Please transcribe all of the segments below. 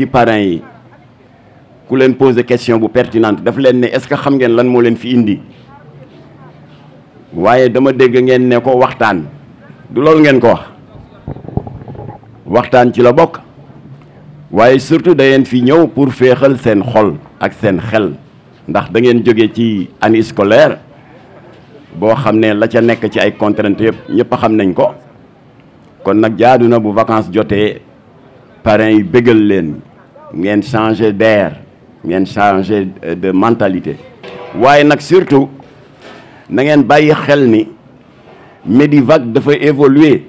ci parents yi ku leen poser question bu pertinente daf ne est-ce que xam ngeen lan moo leen fi indi waaye dama dégg ngeen ne ko waxtaan du loolu ngeen ko wax waxtaan ci la bokk waaye surtout da fi ñëw pour faire seen xol ak seen xel ndax da ngeen jóge ci année scolaire boo xam ne la ca ci ay contraintes yëpp ñëpp xam nañ ko kon nag jaaduna bu vacances jotee parents yi bégal ngeen changer d'air ngeen changer de mentalité waaye surtout na ngeen bàyyi xel Medivac dafa évoluer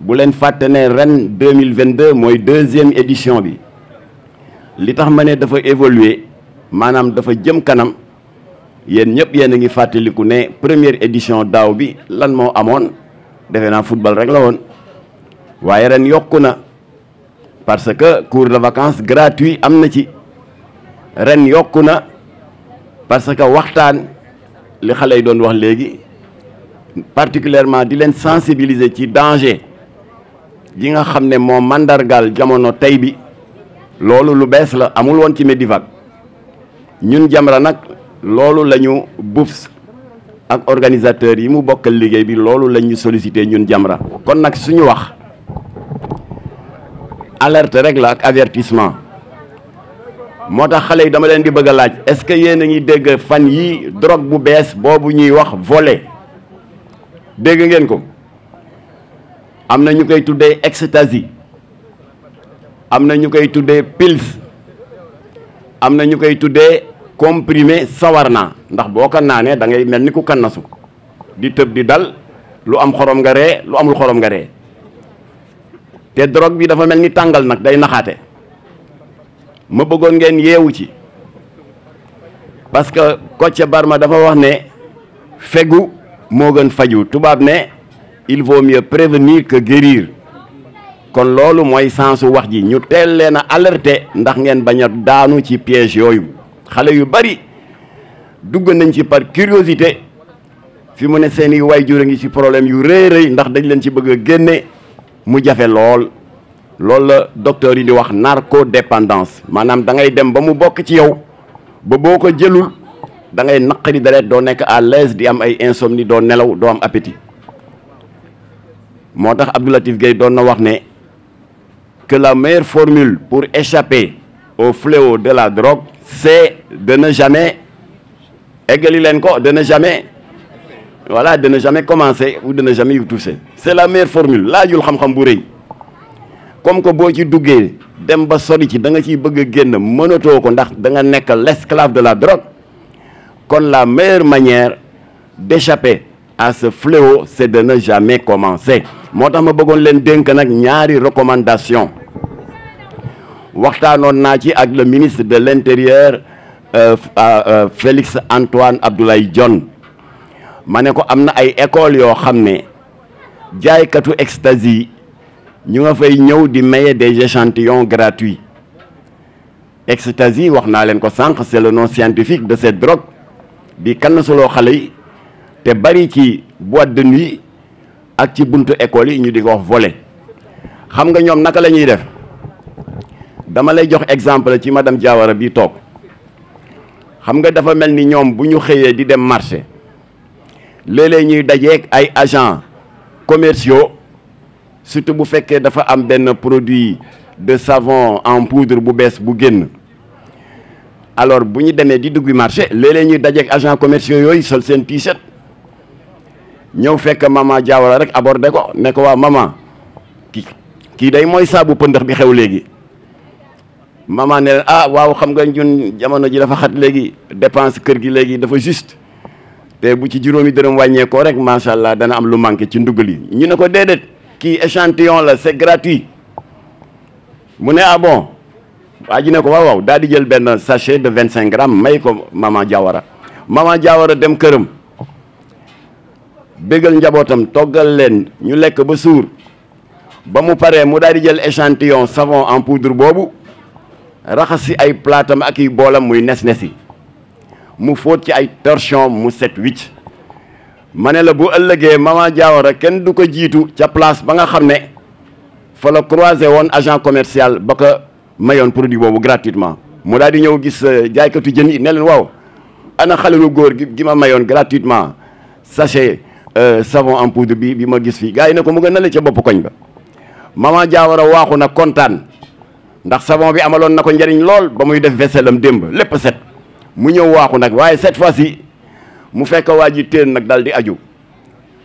bu leen fait ne ren 2022 mooy deuxième édition bi li tax dafa évoluer dafa jëm kanam yéen ñëpp yéen a ngi fàttaliku ne première édition lan moo amoon defe naa football rek la woon waaye ren parce que cours de vacances gratuit am na ci ren yokk na parce que waxtaan li xale yi doon wax léegi particulièrement di leen sensibiliser ci danger yi nga xam ne moo mandargaal jamono tey bi loolu lu bees la amul woon ci Medivac ñun Jamra nag loolu la ñu BUPS ak organisateurs yi mu bokkal liggéey bi loolu la ñu sollicité ñun Jamra kon nag suñu wax alerte règle avertissement moi est-ce que vous a ngi dégg fan yi drogue bu bees boobu ñuy wax volet dégg ngeen ko am ñu koy tuddé ecstasy des ñu koy tuddé pills amna ñu koy tuddé comprimé sawarna ndax boko nané da ngay te drogue bi dafa melni ni nak day naxaate ma bëggoon ngeen yewu ci parce que coach Barma dafa wax ne fegu mo gën faju tubab ne il vaut mieux prévenir que guérir kon lolu moy sensu wax ji ñu teel leen a alerter ndax ngeen baña daanu ci piège yoyu xalé yu bari dugg nañ ci par curiosité fi mu ne seen i waajur ngi ci problème yu rëy ndax dañ leen ci bëgg génné mu jafe lool la docteur Madame, narcodépendance da ngay dem ba mu ci yow ba de da ngay à l'aise di am ay insomnie appétit que la meilleure formule pour échapper au fléau de la drogue c'est de ne jamais de ne jamais voilà de ne jamais commencer ou de ne jamais y toucher c'est la meilleure formule Là, je le vous comme vous avez ci dem ba ci da nga a l'esclave de la drogue kon la meilleure manière d'échapper à ce fléau c'est de ne jamais commencer ma len vous nak ñaari recommandation ci le ministre de l'intérieur euh, euh, euh, Félix Antoine Abdoulaye vous mané ko amna ay école yo xamné ne jaaykatu ñu nga fay ñëw di maye des échantillons gratuits extase waxna len ko sank c'est le nom scientifique de cette drogue di kann suloo xalé té bari ci boîte de nuit ak ci buntu école yi ñu di ko wax volé xam nga ñom naka lañuy def dama lay jox exemple ci madame Diawara bi tok xam nga dafa melni ñom bu di dem marché lélé léeg ñuy dajeeg ay agents commerciaux surtout bu féké dafa am ben produit de savon en poudre bu bess bu génn alors bu ñu demee di dugg marché lélé léeg ñuy dajeeg agents commerciaux yoy sol sen t-shirt ñëw fekk maman jawara rek abordé ko ne ko waa maman ki kii day sa bu pëndëx bi xew légui maman ne ah waaw xam nga ñun jamono ji dafa xat légui dépense kër gi légui dafa juste te bu ci juróomi dërëm wàññeekoo rek macha allah dana am lu manqué ci ndugal li ñu ne ko déedéet kii échantillon la c'est gratuit mu ne ah bon waa ji ne ko waaw waaw daal di jël benn sachet de vingt cinq grammes may ko maman Diawara maman Diawara dem këram bégal njabootam toggal leen ñu lekk ba suur ba mu paree mu daal di jël échantillon savon en poudre boobu raxas si ay plaatam ak yi boolam muy nes-nes yi mu fóot ci ay torchon mu set wicc ma bu ëllëgee Mama Diawara Ken du place ba nga agent commercial Baka, mayon produit boobu gratuitement Moula daal gis euh, jaaykatu jën yi ne leen ana gi ma gratuitement sachet euh, savon en poudre bi bi ma gis fii gars yi ne mu nale koñ ba Diawara na ndax savon bi Amalon, na lol, njariñ lool ba muy def mu ñew waaxu nak waye cette fois ci mu fekk waa ji nak daldi aju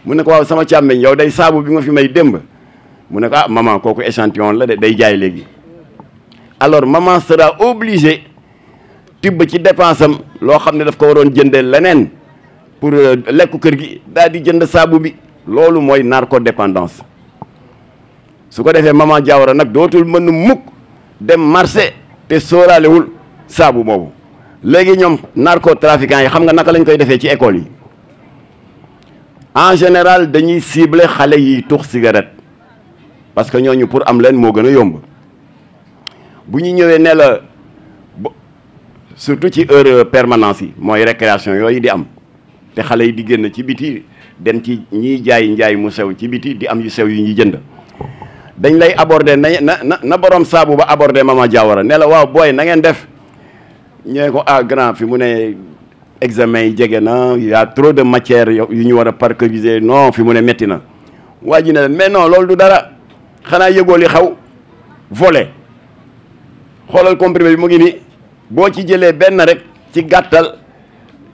mu ne ko waaw sama càmmeñ yow day sabu bi nga fi may demb mu ne ko ah maman kooku échantillon la de day jaay léegi alors maman sera obligée tib ci dépense am loo xam daf ko waron jëndee leneen pour euh, lekku kër gi daldi jënd sabu bi moy narco narcodépendance su ko defee maman Diawara nak dootul mënu mukk dem marché te sóoraalewul sabu boobu léegi ñoom narcotrafiquants yi xam nga naka lañ koy defee ci école yi en général dañuy cible xale yi tux cigarette parce que ñooñu pour am leen moo gën a yomb bu ñu ñëwee ne la surtout ci heure permanence yi mooy récréation yooyu di am te xale yi di génn ci biti dem ci ñiy jaay njaay mu sew ci biti di am yu sew yu ñuy jënd dañ lay aborder na na na borom saabu ba aborder ma Diawara ne la waaw booy na ngeen def. ñee ko ah grand fi mu ne examen yi jege na y a trop de matière yu ñu war a parcouriser non fi mu ne métti na waa ji ne mais non loolu du dara xanaa yëgoo li xaw volet xoolal comprimé bi mu ngi ni boo ci jëlee benn rek ci gàttal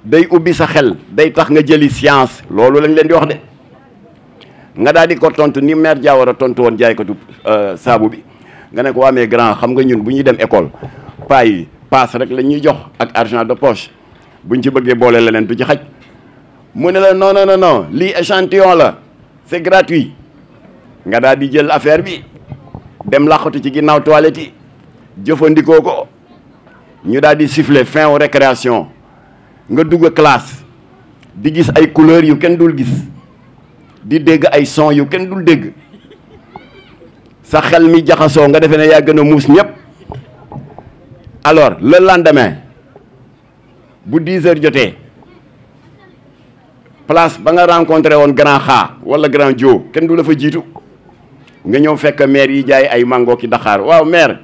day ubbi sa xel day tax nga jëli science loolu lañ leen di wax de nga daal di ko tontu ni maire a tontu woon jaaykatu euh, saabu bi nga ne ko waa mais grand xam nga ñun bu ñuy dem école paa Pass rek les York jox ak argent de poche buñ ci bëggé bolé lénen du ci non non non Li échantillon c'est gratuit nga daal di jël affaire bi dem laqatu ci ginnaw toilette ko ñu di siffler fin aux nga dugg classe di gis ay couleurs yu dul gis di dégg ay sons yu kenn dul dégg sa xel mi nga alors le lendemain bu 10 heures place ba nga rencontré un grand xaa wala grand jo kenn du la fa nga que maire yi jaay ay mango ki Dakar. waaw maire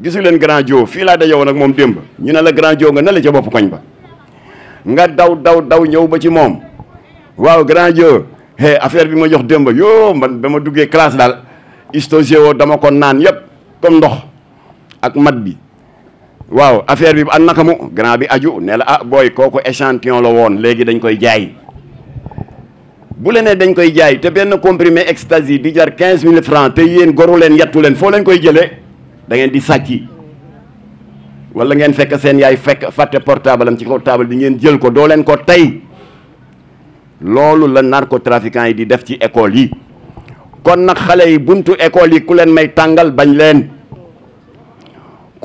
grand a fii laa un Il ñu la grand jo nga ne la ca bopp koñ grand affaire bi jox classe waaw affaire bi an naka mu grand bi aju ne a ah booy kooku échantion la woon léegi dañ koy jaay bu la dañ koy jaay te benn comprimé ecstasy di jar quinze mille francs te yéen goru leen yattu leen foo leen koy jëlee da ngeen di sàcc wala ngeen fekk seen yaay fekk fàtte portable am ci kaw bi ngeen jël ko doo leen ko tey loolu la narcotrafiquants yi di def ci école yi kon nag xale yi buntu école yi ku leen may tàngal bañ leen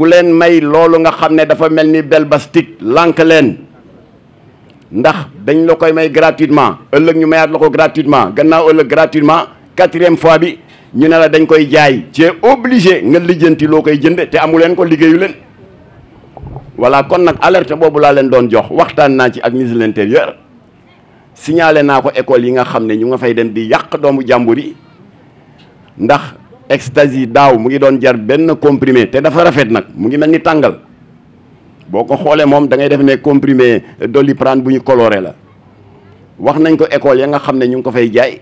ku leen may loolu nga xam ne dafa mel ni bel bastik lank leen ndax dañ la koy may gratuitement ëllëg ñu mayaat la ko gratuitement gannaaw ëllëg gratuitement quatrième fois bi ñu ne la dañ koy jaay ci obligé nga lijjanti loo koy jënd te amu leen ko liggéeyu leen voilà kon nag alerte boobu laa leen doon jox waxtaan naa ci ak ministre de l'intérieur naa ko école yi nga xam ne ñu nga fay dem di yàq doomu jàmbur yi ndax ecstasy daw mu ngi doon jar benn comprimé te dafa rafet nag mu ngi mel ni tàngal boo ko xoolee moom da ngay def ne comprimé doliprane bu ñu coloré la wax nañ ko école ya nga xam ne ñu ngi ko fay jaay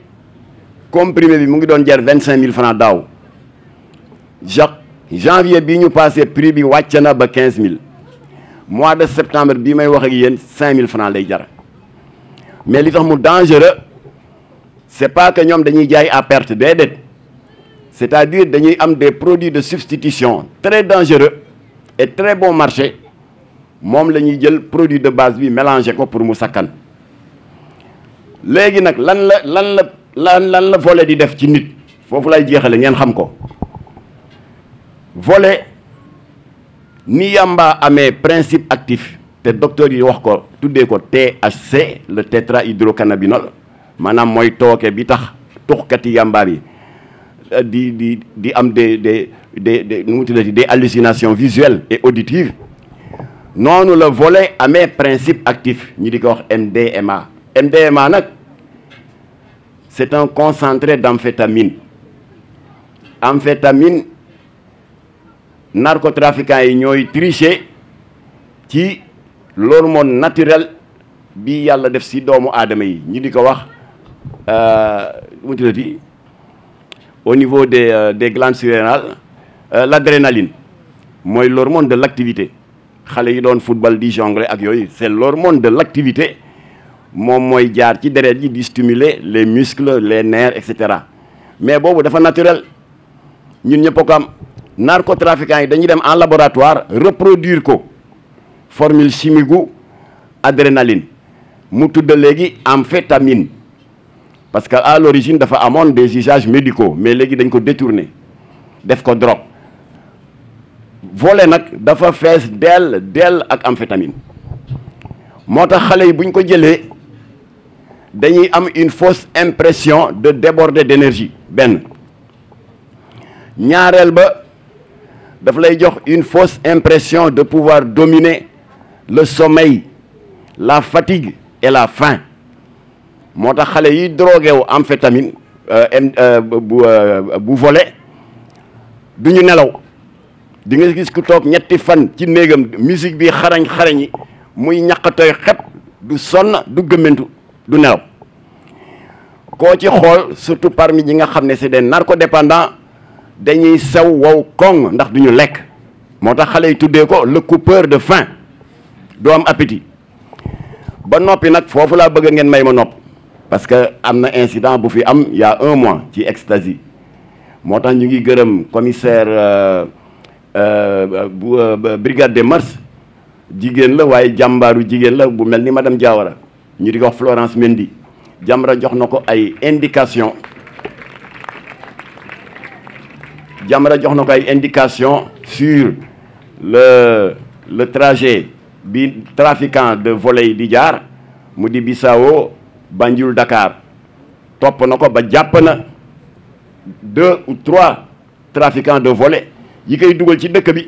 comprimé bi mu ngi doon jar vingt cinq mille francs daaw jacques janvier bii ñu passé prix bi wàcc na ba quinze mille mois de septembre bii may wax ak yéen cinq mille francs lay jar mais li tax mu dangereux c'est pas que ñoom dañuy jaay à perte déedéet c'est-à-dire dañuy am des produits de substitution très dangereux et très bon marché nous avons ñuy jël produit de base bi mélangé ko pour mu sakkan légui nak lan la lan la lan lan la volé di def ci nit fofu lay jéxalé ñen xam ko volet ni yamba principe actif te docteur yi wax ko tuddé ko THC le tétrahydrocannabinol manam moy toké bi tax tuxkati yamba bi des hallucinations visuelles et auditives nous le volet à à principes actifs actifs, ko MDMA MDMA c'est un concentré d'amphétamine amphétamine narcotrafiquants et qui qui l'hormone naturelle bi la def Nous doomu dit au niveau des, euh, glandes surrénales euh, l'adrénaline moi l'hormone de l'activité Xalé yi doon football di jongler ak c'est l'hormone de l'activité qui moy jaar ci yi stimuler les muscles les nerfs etc mais bobu dafa naturel ñun ñëpp ko am narcotrafiquants yi dañuy en laboratoire reproduire ko formule chimique adrénaline mu tudde parce qu'à l'origine, il y a des usages médicaux mais léegi dañ ko détourné def ko drogue Voler, ils dafa fees des del ak amphétamine moo tax xale ont une fausse impression de déborder d'énergie Ben. ñaareel ba une fausse impression de pouvoir dominer le sommeil la fatigue et la faim moo tax xale yi drogué wu amphétamine euh, euh, bu bu duñu euh, du ñu nelaw di nga gis ku toog ñetti fan ci néegam musique bi xarañ xarañi muy ñaqatoy xep du sonn du gëmmentu du nelaw koo ci xool surtout parmi ñi nga xam ne c'est des narcodépendants dañuy sew wow koŋ ndax duñu lekk moo tax xale yi tuddee ko le coupeur de faim doo am appétit ba noppi nag foofu laa bëgg a ngeen may ma nopp parce que amna incident il y a un mois ci ecstasy motax ñu ngi le commissaire euh, euh, euh, brigade des mœurs jigen la waye la bu madame Diawara ñu di Florence Mendy Jamra jox ay indication Jamra indication sur le trajet trafiquant de volets mu Banjul Dakar top nako ba jàpp na deux ou trois trafiquants de volets yi kay dugal ci dëkk bi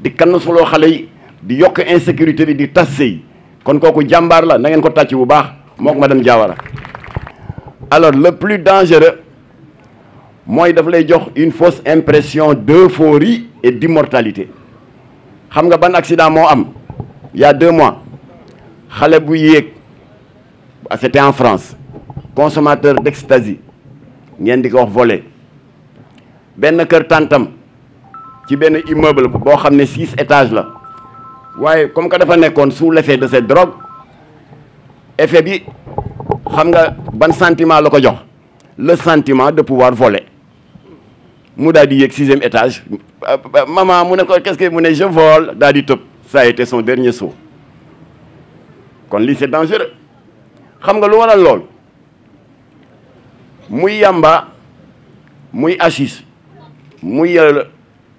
di kan suloo xale yi di yok insécurité bi di tassé kon jambar la na ngeen ko tàcc bu baax mok madame Diawara alors le plus dangereux moy daf lay jox une fausse impression d'euphorie et d'immortalité xam nga ban accident mo am il y a deux mois xalé bu ah, c'était en France consommateur d'ecstasy Ils dit ko wax volé benn kër tàntam ci un immeuble boo 6 étages là. comme que dafa sous l'effet de cette drogue effet bi xam nga sentiment le sentiment de pouvoir voler Mouda dit dit 6 sixième étage maman qu'est-ce que mu ne je vole Top. ça a été son dernier saut kon c'est dangereux xam nga lu waral lool muy yamba muy assis, muy euh,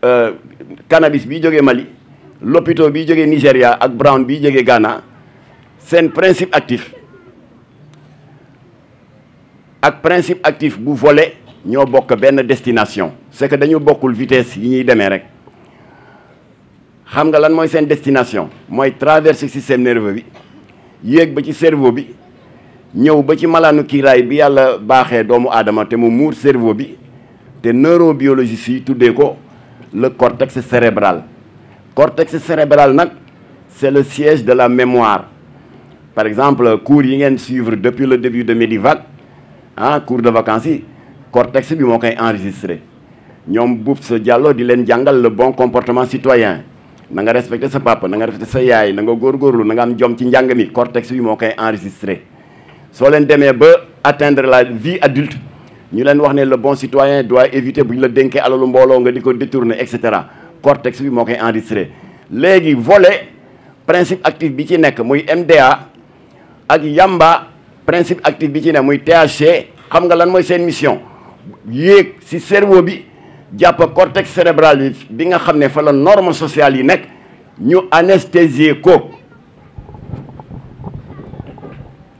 euh, cannabis bi jógee Mali lopito bi jógee nigeria, ak brown bi jógee Ghana seen principe actif ak principe actif bu volé ñoo bokk benn destination c'est que dañu bokkul vitesse yi ñuy demee rek xam nga lan mooy seen destination mooy traverser système nerveux bi yéeg ba ci cerveau bi ñew ba ci malaanu kiiraay bi yalla baxé doomu cerveau bi té neurobiologiste le cortex cérébral cortex cérébral nak c'est le siège de la mémoire par exemple cours yi suivre depuis le début de Medivac ah cours de vacances cortex bi enregistré Nous, avons sa dialogue di le bon comportement citoyen Nous nga respecté sa papa na nga respecté sa yaay na nga góorgóorlu na cortex bi enregistré soo leen ba atteindre la vie adulte ñu leen wax ne le bon citoyen doit éviter de ñu la dénkee alalu mbooloo nga di détourner etc. cortex bi moo koy enregistré léegi volet principe actif bi ci muy MDA ak yamba principe actif bi ci muy THC xam nga lan c'est une mission Si si cerveau bi jàpp cortex cérébral bi bi nga xam ne fa la norme sociale yi nekk ñu anesthésier ko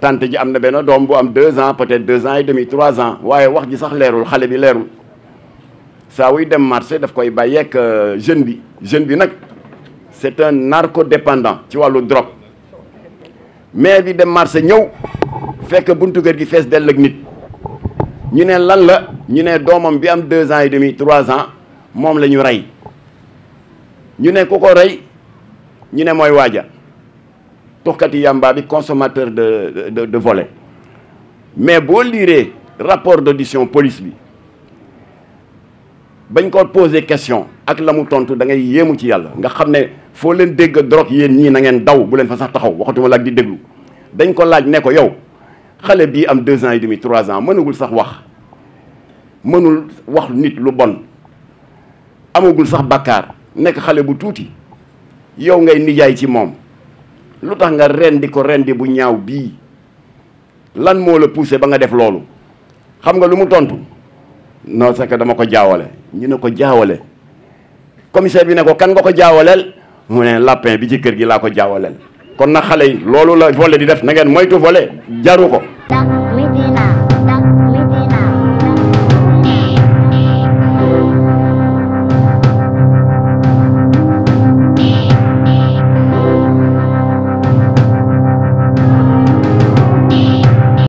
tante ji amna deux ans peut-être deux ans et demi trois ans waye wax ji sax leerul xalé bi leerul sa wuy dem marché daf koy euh, jeune bi jeune bi c'est un narcodépendant ci walu drogue mais bi dem marché buntu gi nit ñu né lan la ñu né domam bi am deux ans et demi 3 ans mom la ñu ñu yamba consommateur de de de volet mais lirez le rapport d'audition police bi vous ko posé question ak la moutonne, vous da ngay ci yalla nga xamné vous leen drogue avez ni na daw bu di dañ ko laaj yow am deux ans et demi trois ans mënugul sax wax mënul wax nit lu bon sax bu yow ngay ci lu tax nga rendi ko rendi bu ñaaw bii lan moo la poussé ba nga def loolu xam nga lu mu tontu non c'est que dama ko jaawale ñu ne ko jaawale commissaire bi ne ko kan nga ko jaawaleel mu ne lapin bi ci kër gi laa ko jaawaleel kon na xale yi loolu la volé di def nangeen ngeen moytu volé jaru ko